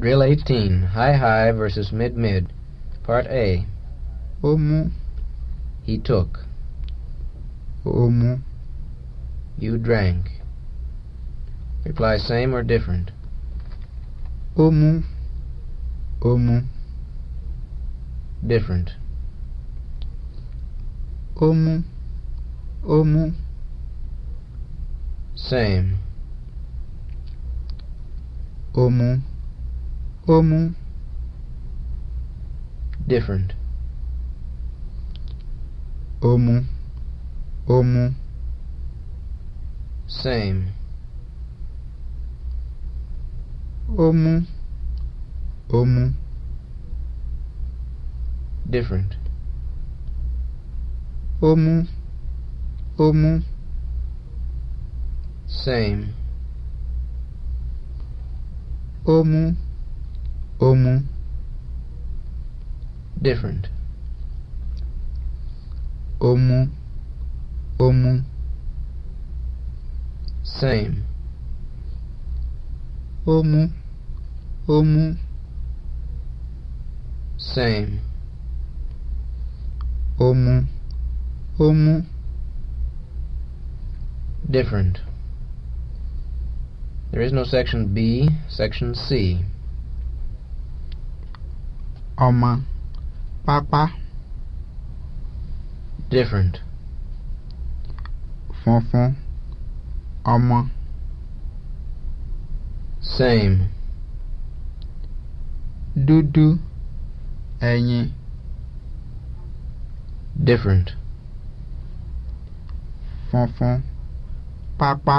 Drill 18 High High versus Mid Mid. Part A. Omu. He took. Omu. You drank. Reply same or different. Omu. Omu. Different. Omu. Omu. Same. Omu como different como como same como como different como como same como almost different almost almost same almost almost same almost almost different there is no section B section C ọmọ pápá. different. funfun ọmọ. same. dúdú ẹyin. different. funfun pápá.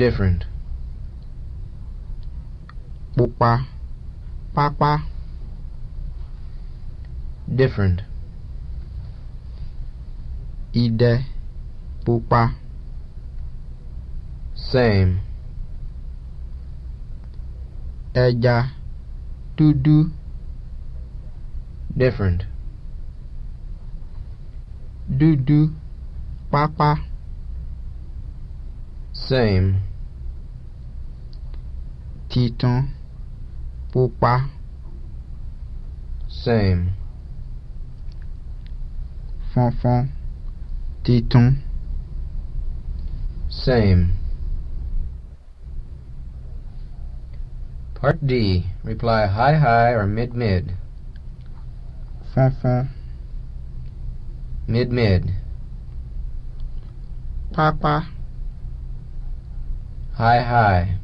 different. pupa. Papa, different idẹ pupa same Eja, dudu, different Dudu, papa, same titun. pupa same Fonfon, Titon. same Part D. Reply high high or mid mid. Fonfon, Mid mid. Papa. High high.